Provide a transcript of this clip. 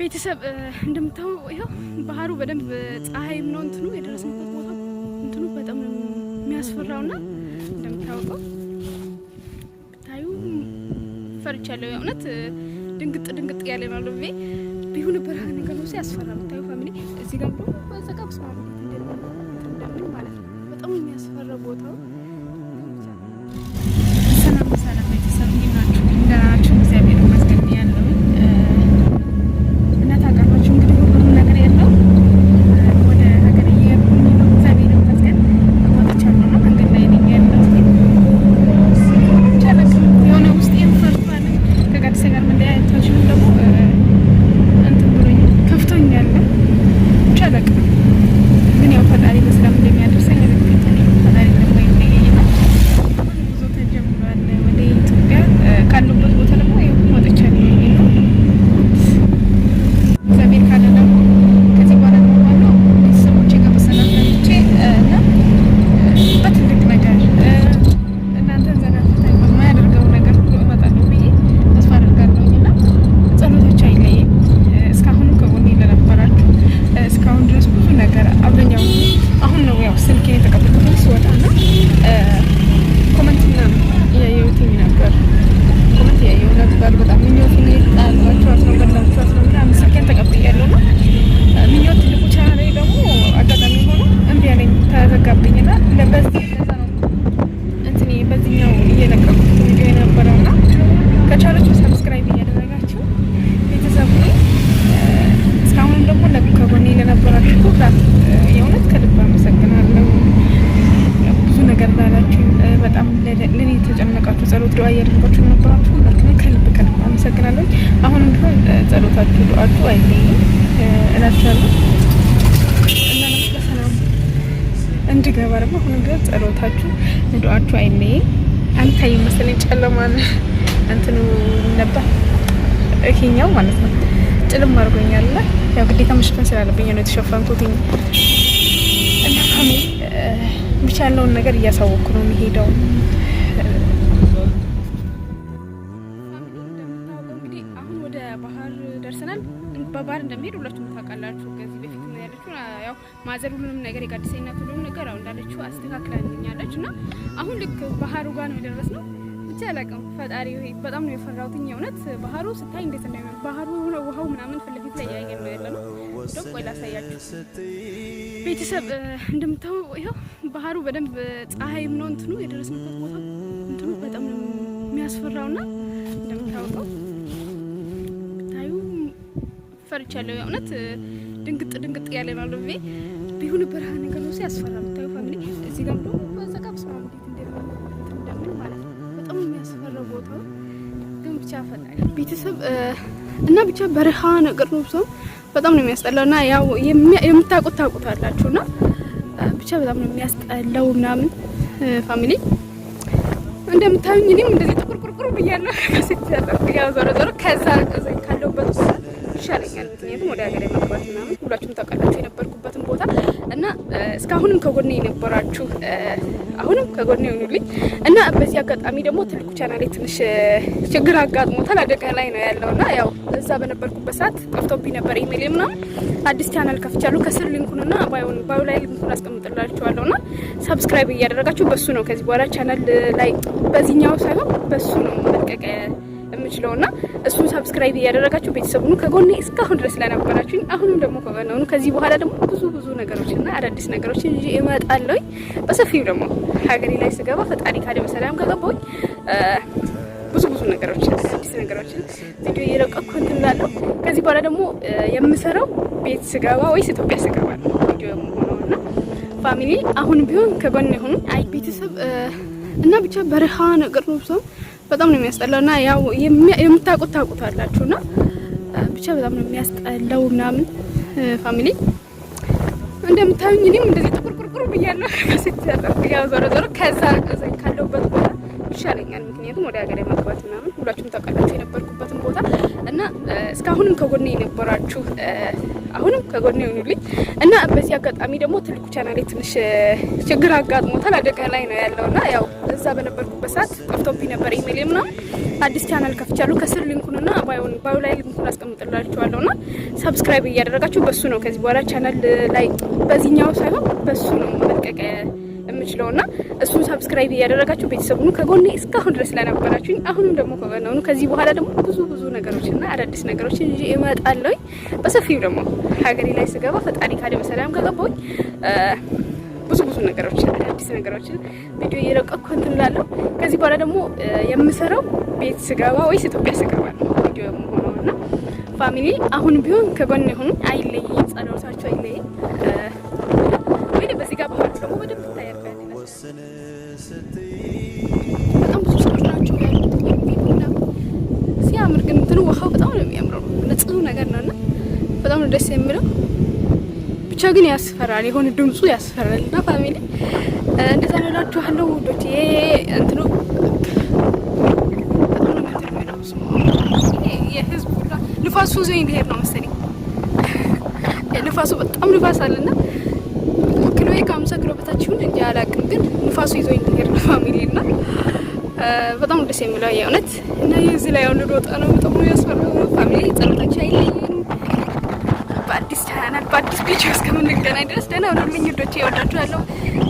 ቤተሰብ እንደምታው ይኸው ባህሩ በደንብ ፀሐይም ነው እንትኑ የደረስንበት ቦታ እንትኑ በጣም የሚያስፈራውና እንደምታወቀው ብታዩ ፈርቻለሁ። የእውነት ድንግጥ ድንግጥ ያለ ነው ልቤ ቢሁ ነበር ነገር ነው ያስፈራ። ብታዩ ፋሚሊ እዚህ ጋር ብሎ በዘጋብ ሰ ማለት ነው። በጣም የሚያስፈራ ቦታው ዘጋብኝ እና በዚህ እንትን በዚህኛው እየለቀቁት ቪዲዮ የነበረው እና ከቻላችሁ ሰብስክራይብ እያደረጋችሁ ቤተሰቡ እስካሁንም ደግሞ ከጎኔ ለነበራችሁ ኩራት የእውነት ከልብ አመሰግናለሁ። ብዙ ነገር ላላችሁ በጣም ለእኔ የተጨነቃችሁ ጸሎት፣ ዱዓ እያደረጋችሁ ነበራችሁ ሁላችሁም ከልብ ከልብ አመሰግናለሁ። አሁንም ቢሆን ጸሎታችሁ፣ ዱዓችሁ አይለይም እላችኋለሁ። እንድገባ ደግሞ አሁንም ቢሆን ጸሎታችሁ ንድዋችሁ አይለይ። አልታይም መሰለኝ ጨለማን እንትኑ ነበር እኪኛው ማለት ነው። ጭልም አድርጎኛል። ያው ግዴታ መሸፈን ስላለብኝ ነው የተሸፈንኩት። እና ብቻ ያለውን ነገር እያሳወቅኩ ነው የሚሄደው። እንግዲህ አሁን ወደ ባህር ደርሰናል። በባህር እንደሚሄድ ሁላችሁም ታውቃላችሁ። ያው ማዘር ሁሉንም ነገር የጋዲሰኝናት ሁሉንም ነገር ያው እንዳለችው አስተካክላልኛለች እና አሁን ልክ ባህሩ ጋር ነው የደረስ ነው። ብቻ አላውቅም ፈጣሪ በጣም ነው የፈራሁትኝ። እውነት ባህሩ ስታይ እንዴት እንደሚሆን ባህሩ ውሃው ምናምን ፊት ለፊት ላይ ያየ ነው ያለ ነው። ደግሞ ላሳያችሁ ቤተሰብ እንደምታው ይኸው ባህሩ በደንብ ፀሐይም ምነው እንትኑ የደረስንበት ቦታ እንትኑ በጣም ነው ና እንደምታውቀው ብታዩ ፈርቻለሁ እውነት ድንግጥ ድንግጥ ያለ ነው ልቤ ቢሆን ብርሃን ነገር ነው ያስፈራ። የምታዩ ፋሚሊ እዚህ ጋር ደግሞ በዘጋብ ስራ እንዴት እንደምን ማለት ነው። በጣም የሚያስፈራ ቦታው ግን ብቻ ፈጣሪ ቤተሰብ እና ብቻ በረሃ ነገር ነው። ሰው በጣም ነው የሚያስጠላው እና ያው የምታውቁት ታውቁታላችሁ እና ብቻ በጣም ነው የሚያስጠላው ምናምን ፋሚሊ እንደምታዩኝ እኔም እንደዚህ ጥቁርቁርቁር ብያለሁ። ከሴት ያለው ያው ዞሮ ዞሮ ከዛ ዘኝ ካለሁበት ውስጥ ይሻለኛል። ምክንያቱም ወደ ሀገር መግባት ምናምን ሁላችሁም ታውቃላችሁ የነበርኩበትን ቦታ እና እስካሁንም ከጎኔ የነበራችሁ አሁንም ከጎኔ የሆኑልኝ እና በዚህ አጋጣሚ ደግሞ ትልቁ ቻናሌ ትንሽ ችግር አጋጥሞታል። አደጋ ላይ ነው ያለው እና ያው እዛ በነበርኩበት ሰዓት ጠፍቶብኝ ነበር ኢሜል ምናምን። አዲስ ቻናል ከፍቻለሁ። ከስር ሊንኩንና ባዩ ላይ ሊንኩን አስቀምጥላችኋለሁ እና ሰብስክራይብ እያደረጋችሁ በሱ ነው ከዚህ በኋላ ቻናል ላይ በዚህኛው ሳይሆን በሱ ነው መለቀቅ የምችለው እና እሱን ሰብስክራይብ እያደረጋችሁ ቤተሰቡን ከጎኔ እስካሁን ድረስ ስለነበራችሁኝ አሁንም ደግሞ ከጎነሆኑ ከዚህ በኋላ ደግሞ ብዙ ብዙ ነገሮችና አዳዲስ ነገሮች ይዤ እመጣለሁኝ። በሰፊው ደግሞ ሀገሬ ላይ ስገባ ፈጣሪ ካደ በሰላም ከገባሁኝ ብዙ ብዙ ነገሮች አዳዲስ ነገሮችን ቪዲዮ እየለቀኩ እንትን እላለሁ። ከዚህ በኋላ ደግሞ የምሰራው ቤት ስገባ ወይስ ኢትዮጵያ ስገባ ነው ቪዲዮ የምሆነውና ፋሚሊ አሁን ቢሆን ከጎን ይሁን አይ ቤተሰብ እና ብቻ በረሃ ነገር ነው ሰው በጣም ነው የሚያስጠላው እና ያው የምታውቁት ታውቁታላችሁ እና ብቻ በጣም ነው የሚያስጠላው ምናምን ፋሚሊ እንደምታዩኝ እኔም እንደዚህ ጥቁር ቁርቁር ብያለሁ ያው ዞሮ ዞሮ ከዛ ካለሁበት ቦታ ይሻለኛል። ምክንያቱም ወደ ሀገር መግባት ምናምን ሁላችሁም ታውቃላችሁ የነበርኩበትን ቦታ እና እስካሁንም ከጎኔ የነበራችሁ አሁንም ከጎን ይሆኑልኝ እና በዚህ አጋጣሚ ደግሞ ትልቁ ቻናሌ ትንሽ ችግር አጋጥሞታል። አደጋ ላይ ነው ያለው እና ያው እዛ በነበርኩበት ሰዓት ጠፍቶብኝ ነበር ኢሜል ምናምን። አዲስ ቻናል ከፍቻለሁ። ከስር ሊንኩንና ባዮን ባዮ ላይ ሊንኩን አስቀምጥላችኋለሁ እና ሰብስክራይብ እያደረጋችሁ በሱ ነው ከዚህ በኋላ ቻናል ላይ በዚህኛው ሳይሆን በሱ ነው መለቀቅ የምችለው እና እሱን ሰብስክራይብ እያደረጋችሁ ቤተሰቡኑ ከጎኔ እስካሁን ድረስ ስለነበራችሁኝ አሁንም ደግሞ ከጎናሁኑ ከዚህ በኋላ ደግሞ ብዙ ብዙ ነገሮችና አዳዲስ ነገሮች እንጂ እመጣለሁ። በሰፊው ደግሞ ሀገሬ ላይ ስገባ ፈጣሪ ካለ በሰላም ከገባሁኝ ብዙ ብዙ ነገሮች አዳዲስ ነገሮችን ቪዲዮ እየለቀኩ እንትን እላለሁ። ከዚህ በኋላ ደግሞ የምሰራው ቤት ስገባ ወይስ ኢትዮጵያ ስገባ ነው ቪዲዮ የምሆነው እና ፋሚሊ አሁን ቢሆን ከጎን ሁኑ። አይለይ፣ ጸሎታችሁ አይለይ። በጣም ብዙ ሰዎች ናቸው ያሉት። ሲያምር ግን እንትኑ ውሃው በጣም ነው የሚያምረው፣ ንጹህ ነገር ነው እና በጣም ነው ደስ የሚለው። ብቻ ግን ያስፈራል፣ የሆነ ድምፁ ያስፈራል። እና ፋሚሊ እንደዛ ነው እላችኋለሁ ውዶቼ። እንትኑ የህዝቡ ንፋሱ ይዞኝ ብሄድ ነው መሰለኝ። ንፋሱ በጣም ንፋስ አለና ወይ ከአምሳክሮ ኪሎ በታች ይሁን እንጂ አላውቅም፣ ግን ንፋሱ ይዞ ይንሄር ነው ፋሚሊ እና በጣም ደስ የሚለው የእውነት እና የዚህ ላይ አሁን ልወጣ ነው። በጣም ያስፈራ ፋሚሊ ጸሎታቸው አይለይም። በአዲስ ቻናል በአዲስ ቪዲዮ እስከምንገናኝ ድረስ ደህና ሁኑልኝ ውዶቼ፣ እወዳችኋለሁ።